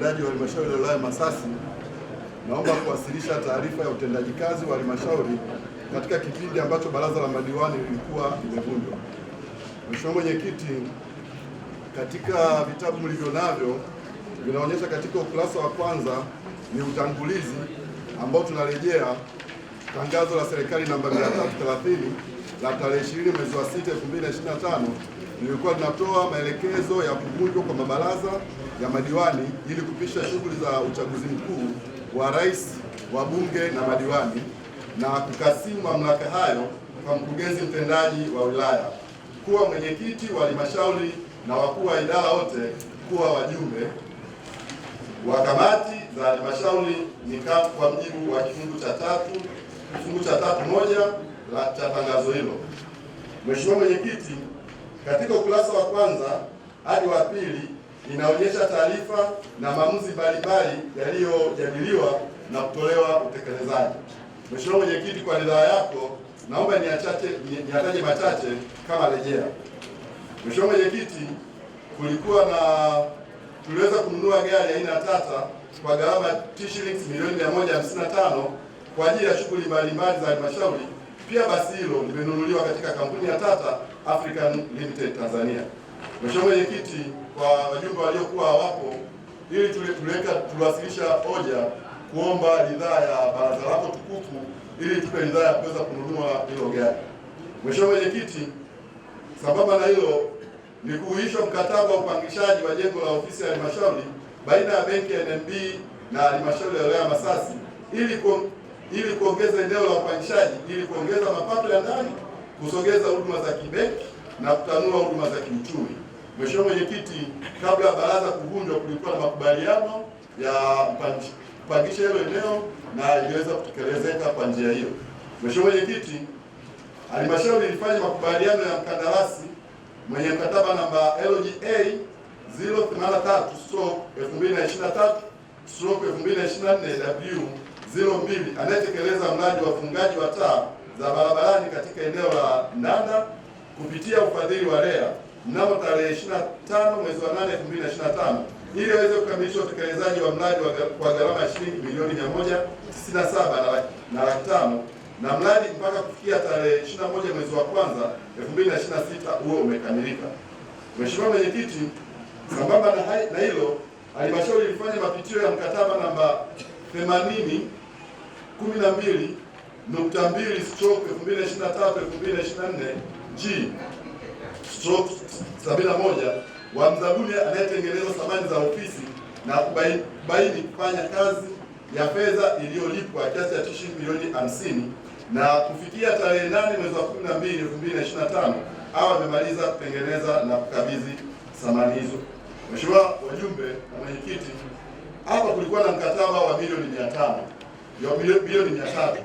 utendaji wa halmashauri ya wilaya Masasi, naomba kuwasilisha taarifa ya utendaji kazi wa halmashauri katika kipindi ambacho baraza la madiwani lilikuwa limevunjwa. Mheshimiwa Mwenyekiti, katika vitabu mlivyo navyo vinaonyesha katika ukurasa wa kwanza ni utangulizi ambao tunarejea tangazo la serikali namba 330 la tarehe 20 mwezi wa 6 2025 lilikuwa linatoa maelekezo ya kuvunjwa kwa mabaraza ya madiwani ili kupisha shughuli za uchaguzi mkuu wa rais, wa bunge na madiwani na kukasimu mamlaka hayo kwa mkurugenzi mtendaji wa wilaya kuwa mwenyekiti wa halmashauri na wakuu wa idara wote kuwa wajumbe wa kamati za halmashauri kafu kwa mjibu wa kifungu cha tatu kifungu cha tatu moja la cha tangazo hilo. Mheshimiwa Mwenyekiti, katika ukurasa wa kwanza hadi wa pili inaonyesha taarifa na maamuzi mbalimbali yaliyojadiliwa na kutolewa utekelezaji. Mheshimiwa Mwenyekiti, kwa ridhaa yako naomba niataje machache kama rejea. Mheshimiwa Mwenyekiti, kulikuwa na tuliweza kununua gari aina ya Tata kwa gharama shilingi milioni 155 kwa ajili ya shughuli mbalimbali za halmashauri. Pia basi hilo limenunuliwa katika kampuni ya Tata African Limited Tanzania. Mheshimiwa Mwenyekiti, kwa wajumbe waliokuwa hawapo, ili tuliwasilisha hoja kuomba ridhaa ya baraza lako tukufu ili tupe ridhaa ya kuweza kununua hilo gari. Mheshimiwa Mwenyekiti, sambamba na hilo ni kuhuishwa mkataba wa upangishaji wa jengo la ofisi ya halmashauri baina ya benki ya NMB na halmashauri ya wilaya Masasi ili ili kuongeza eneo la upangishaji ili kuongeza mapato ya ndani, kusogeza huduma za kibenki na kutanua huduma za kiuchumi. Mheshimiwa Mwenyekiti, kabla ya baraza kuvunjwa, kulikuwa na makubaliano ya kupangisha hilo eneo na iliweza kutekelezeka kwa njia hiyo. Mheshimiwa Mwenyekiti, halmashauri ilifanya makubaliano ya mkandarasi mwenye mkataba namba LGA 083 stroke 2023 stroke 2024W 02 anayetekeleza mradi wa ufungaji wa taa za barabarani katika eneo la Ndanda kupitia ufadhili wa REA mnamo tarehe 25 mwezi wa 8 2025 ili aweze kukamilisha utekelezaji wa mradi kwa gharama ya shilingi milioni 197 na laki tano na mradi mpaka kufikia tarehe 21 mwezi wa kwanza 2026 huo umekamilika. Mheshimiwa Mwenyekiti, sambamba na hilo, halmashauri ilifanya mapitio ya mkataba namba 80 12 nukta 2 stroke 2023 2024 G stroke 71 wa mzabuni anayetengeneza samani za ofisi na kubaini kufanya kazi ya fedha iliyolipwa kiasi cha shilingi milioni 50 na kufikia tarehe nane mwezi wa 12 tano au amemaliza kutengeneza na kukabidhi samani hizo. Mheshimiwa wajumbe na mwenyekiti, hapa kulikuwa na mkataba wa milioni 500 ya milioni 300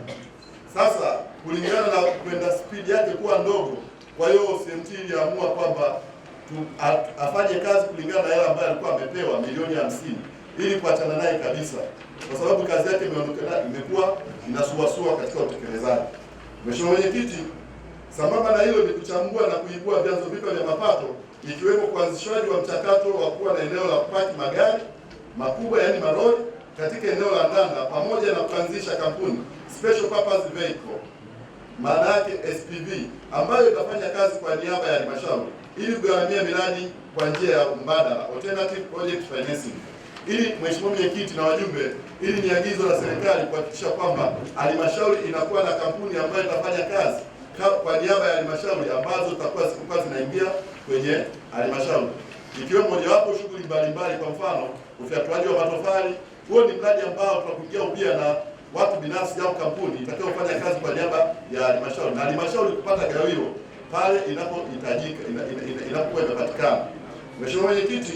sasa kulingana na kwenda spidi yake kuwa ndogo. Kwa hiyo CMT iliamua kwamba afanye kazi kulingana na hela ambayo alikuwa amepewa milioni hamsini ili kuachana naye kabisa, kwa sababu kazi yake imeonekana imekuwa inasuasua katika utekelezaji. Mheshimiwa Mwenyekiti, sambamba na hilo ni kuchambua na kuibua vyanzo vipya vya mapato ikiwemo kuanzishwaji wa mchakato wa kuwa na eneo la kupaki magari makubwa yaani malori katika eneo la Ndanda pamoja na kuanzisha kampuni special purpose vehicle maana yake SPV ambayo itafanya kazi kwa niaba ya halmashauri ili kugharamia miradi kwa njia ya mbadala alternative project financing. Ili mheshimiwa mwenyekiti na wajumbe, ili ni agizo la serikali kuhakikisha kwamba halmashauri inakuwa na kampuni ambayo itafanya kazi kwa niaba ya halmashauri ambazo zitakuwa zikuwa zinaingia kwenye halmashauri, ikiwemo mojawapo shughuli mbalimbali, kwa mfano ufyatuaji wa matofali. Huo ni mradi ambao tunakuingia ubia na watu binafsi au kampuni inatakiwa kufanya kazi kwa niaba ya halmashauri na halmashauri kupata gawio pale inapohitajika inapokuwa inapatikana. Mheshimiwa Mwenyekiti,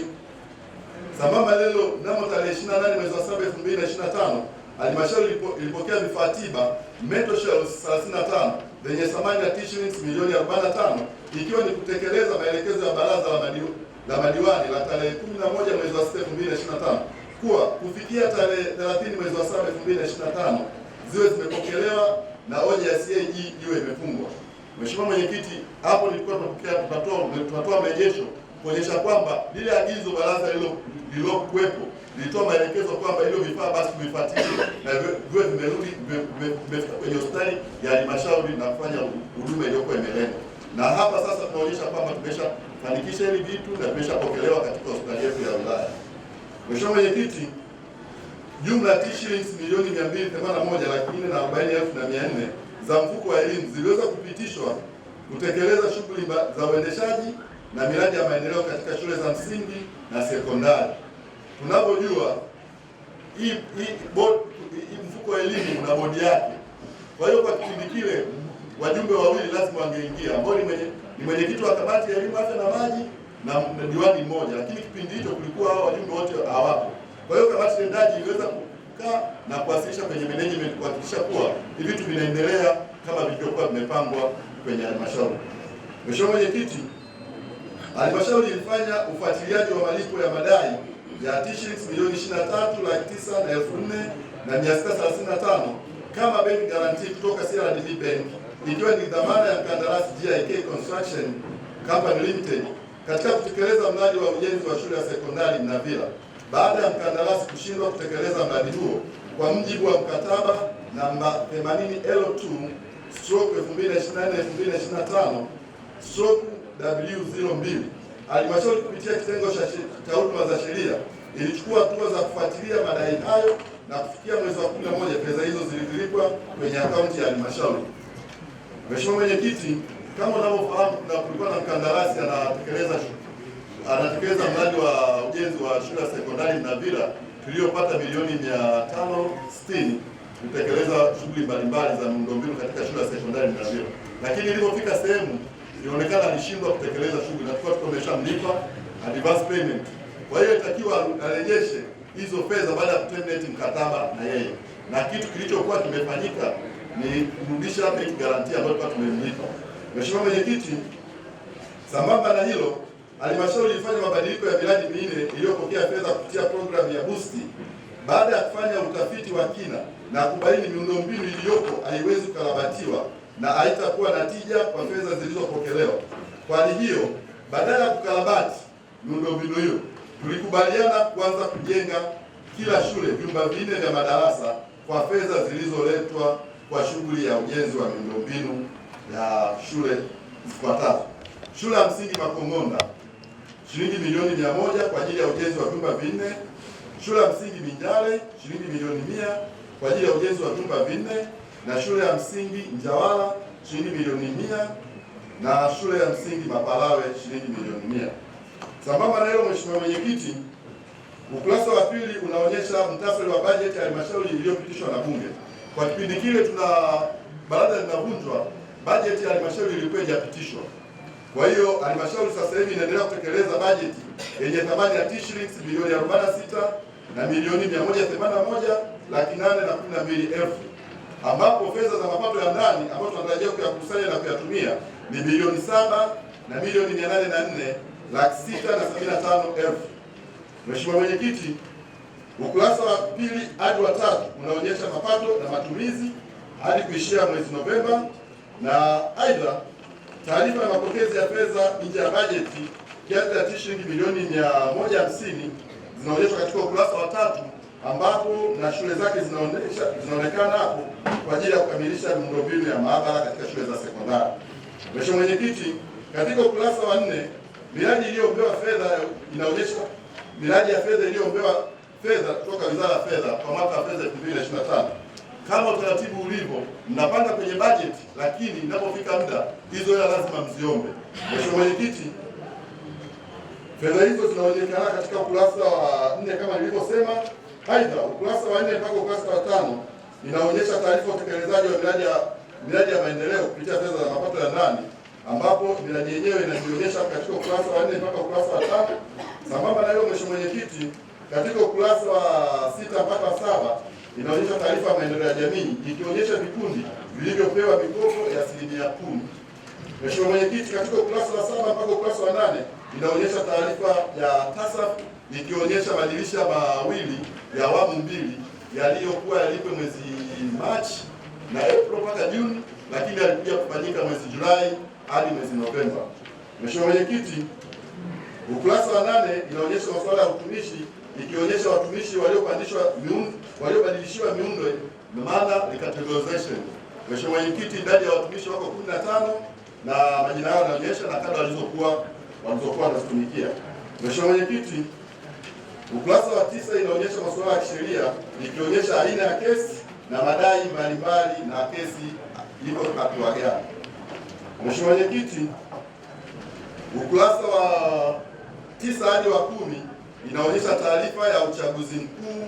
sambamba lelo mnamo tarehe 28 mwezi wa 7 2025 halmashauri ilipokea vifaa tiba metal shells 35 zenye thamani ya shilingi milioni 45 ikiwa ni kutekeleza maelekezo ya baraza la madiwani la tarehe 11 mwezi wa 6 2025 kuwa kufikia tarehe 30 mwezi wa 7 2025 ziwe zimepokelewa na hoja ya CAG iwe imefungwa. Mheshimiwa Mwenyekiti, hapo nilikuwa tunatoa marejesho kuonyesha kwamba lile agizo baraza lililokuwepo lilitoa maelekezo kwamba hilo vifaa basi vifuatilie na viwe vimerudi vimefika kwenye hospitali ya halmashauri na kufanya huduma iliyokuwa imelengwa. Na hapa sasa tunaonyesha kwamba tumeshafanikisha hili vitu na tumeshapokelewa katika hospitali yetu ya wilaya. Mheshimiwa Mwenyekiti, jumla ya shilingi milioni 281 laki nne na arobaini elfu na mia za mfuko wa elimu ziliweza kupitishwa kutekeleza shughuli za uendeshaji na miradi ya maendeleo katika shule za msingi na sekondari. Tunavyojua hii mfuko wa elimu una bodi yake, kwa hiyo kwa kipindi kile wajumbe wawili lazima wangeingia ambao ni mwenyekiti wa kamati ya elimu, afya na maji na diwani mmoja, lakini kipindi hicho kulikuwa hao wajumbe wote hawapo. Kwa hiyo kamati tendaji iliweza kukaa na kuwasilisha kwenye management kuhakikisha kuwa hivi vitu vinaendelea kama vilivyokuwa vimepangwa kwenye halmashauri. Mheshimiwa Mwenyekiti, halmashauri ilifanya ufuatiliaji wa malipo ya madai ya T-shirts milioni tatu laki tisa na elfu nne na tano kama bank guarantee kutoka CRDB Bank ikiwa ni dhamana ya mkandarasi GIK Construction Company Limited katika kutekeleza mradi wa ujenzi wa shule ya sekondari Mnavila baada ya mkandarasi kushindwa kutekeleza mradi huo kwa mjibu wa mkataba namba 80L2/2024/2025 stroke W02, halmashauri kupitia kitengo cha huduma za sheria ilichukua hatua za kufuatilia madai hayo na kufikia mwezi wa 11 pesa hizo zilizilipwa kwenye akaunti ya halmashauri. Mheshimiwa Mwenyekiti, kama unavyofahamu, na kulikuwa na mkandarasi anatekeleza anatekeleza mradi wa ujenzi wa shule ya sekondari Mnavira tuliyopata milioni mia tano sitini kutekeleza shughuli mbalimbali za miundombinu katika shule ya sekondari Mnavira, lakini ilipofika sehemu ilionekana alishindwa kutekeleza shughuli na tulikuwa tumeshamlipa advance payment. Kwa hiyo itakiwa arejeshe hizo fedha baada ya kuterminate mkataba na yeye, na kitu kilichokuwa kimefanyika ni kurudisha bank guarantee ambayo tulikuwa tumemlipa Mheshimiwa Mwenyekiti, sambamba na hilo, halmashauri ilifanya mabadiliko ya miradi minne iliyopokea fedha kupitia programu ya busti baada ya kufanya utafiti wa kina na kubaini miundombinu iliyopo haiwezi kukarabatiwa na haitakuwa na tija kwa fedha zilizopokelewa. Kwa hiyo badala ya kukarabati miundombinu hiyo, tulikubaliana kuanza kujenga kila shule vyumba vinne vya madarasa kwa fedha zilizoletwa kwa shughuli ya ujenzi wa miundombinu ya shule zifuatazo: shule ya msingi Makong'onda shilingi milioni mia moja kwa ajili ya ujenzi wa vyumba vinne. Shule ya msingi Minjale shilingi milioni mia kwa ajili ya ujenzi wa vyumba vinne, na shule ya msingi Njawala shilingi milioni mia na shule ya msingi Mapalawe shilingi milioni mia. Sambamba na hilo, Mheshimiwa Mwenyekiti, ukurasa wa pili unaonyesha mtasari wa bajeti ya halmashauri iliyopitishwa na Bunge. Kwa kipindi kile tuna baraza linavunjwa bajeti ya halmashauri ilikuwa haijapitishwa. Kwa hiyo halmashauri sasa hivi inaendelea kutekeleza bajeti yenye thamani ya shilingi bilioni 46 na milioni 181 laki nane na mbili elfu ambapo fedha za mapato ya ndani ambayo tunatarajia kuyakusanya na kuyatumia ni bilioni 7 na milioni 804 laki sita na sabini tano elfu. Mheshimiwa Mwenyekiti, ukurasa wa pili hadi wa tatu unaonyesha mapato na matumizi hadi kuishia mwezi Novemba na aidha taarifa ya mapokezi ya fedha nje ya bajeti kiasi cha shilingi milioni 150 zinaonyeshwa katika ukurasa wa tatu ambapo na shule zake zinaonesha zinaonekana hapo kwa ajili ya kukamilisha miundombinu ya maabara katika shule za sekondari. Mheshimiwa Mwenyekiti, katika ukurasa wa nne miradi iliyopewa fedha inaonyesha miradi ya fedha iliyopewa fedha kutoka Wizara ya Fedha kwa mwaka wa fedha 2025 kama utaratibu ulivyo, mnapanga kwenye bajeti, lakini inapofika muda hizo hela lazima mziombe. Mheshimiwa Mwenyekiti, fedha hizo zinaonekana katika ukurasa wa nne kama nilivyosema. Aidha, ukurasa wa nne mpaka ukurasa wa tano inaonyesha taarifa ya utekelezaji wa miradi ya miradi ya maendeleo kupitia fedha za mapato ya ndani, ambapo miradi yenyewe inajionyesha katika ukurasa wa nne mpaka ukurasa wa tano. Sambamba na hiyo, Mheshimiwa Mwenyekiti, katika ukurasa wa sita mpaka saba inaonyesha taarifa ya maendeleo ya jamii ikionyesha vikundi vilivyopewa mikopo ya asilimia kumi. Mheshimiwa Mwenyekiti, katika ukurasa wa saba mpaka ukurasa wa nane inaonyesha taarifa ya TASAF ikionyesha madirisha mawili ya awamu mbili yaliyokuwa yalipe mwezi Machi na Aprili mpaka Juni, lakini yalikuja kufanyika mwezi Julai hadi mwezi Novemba. Mheshimiwa Mwenyekiti, ukurasa wa nane inaonyesha masuala ya utumishi ikionyesha watumishi waliopandishwa miundo waliobadilishiwa miundo maana recategorization. Mheshimiwa Mwenyekiti, idadi ya watumishi wako 15 na majina yao yanaonyesha na kada walizokuwa walizokuwa wanatumikia. Mheshimiwa Mwenyekiti, ukurasa wa tisa inaonyesha masuala ya kisheria ikionyesha aina ya kesi na madai mbalimbali na kesi iko hatua gani. Mheshimiwa Mwenyekiti, ukurasa wa tisa hadi wa kumi inaonyesha taarifa ya uchaguzi mkuu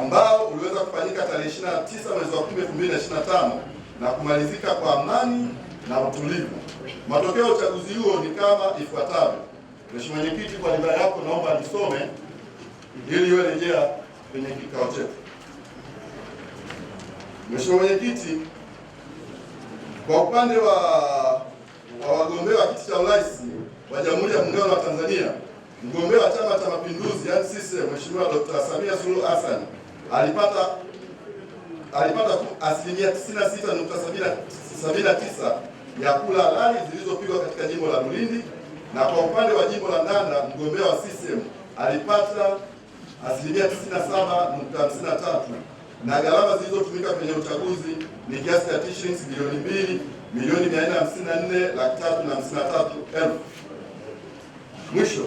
ambao uliweza kufanyika tarehe 29 mwezi wa 10 2025 na kumalizika kwa amani na utulivu. Matokeo ya uchaguzi huo ni kama ifuatavyo. Mheshimiwa Mwenyekiti, kwa ridhaa yako naomba nisome ili iwe rejea kwenye kikao chetu. Mheshimiwa Mwenyekiti, kwa upande wa wagombea wa kiti cha urais wa Jamhuri ya Muungano wa Tanzania mgombea wa Chama cha Mapinduzi yaani sisi Mheshimiwa Dr. Samia Suluhu Hassan alipata alipata asilimia 96.79 ya kula halali zilizopigwa katika jimbo la Lulindi, na kwa upande wa jimbo la Ndanda mgombea wa CCM alipata asilimia 97.53 na gharama zilizotumika kwenye uchaguzi ni kiasi cha shilingi bilioni 2 milioni mia laki elfu. Mwisho.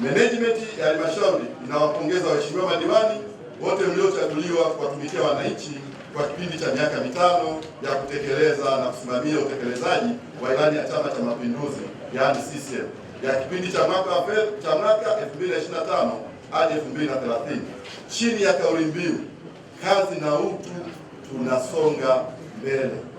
Management ya halmashauri inawapongeza waheshimiwa madiwani wote mliochaguliwa kuwatumikia wananchi kwa kipindi cha miaka mitano ya kutekeleza na kusimamia utekelezaji wa ilani ya Chama cha Mapinduzi yaani CCM ya kipindi cha mwaka cha mwaka 2025 hadi 2030 chini ya kauli mbiu kazi na utu tunasonga mbele.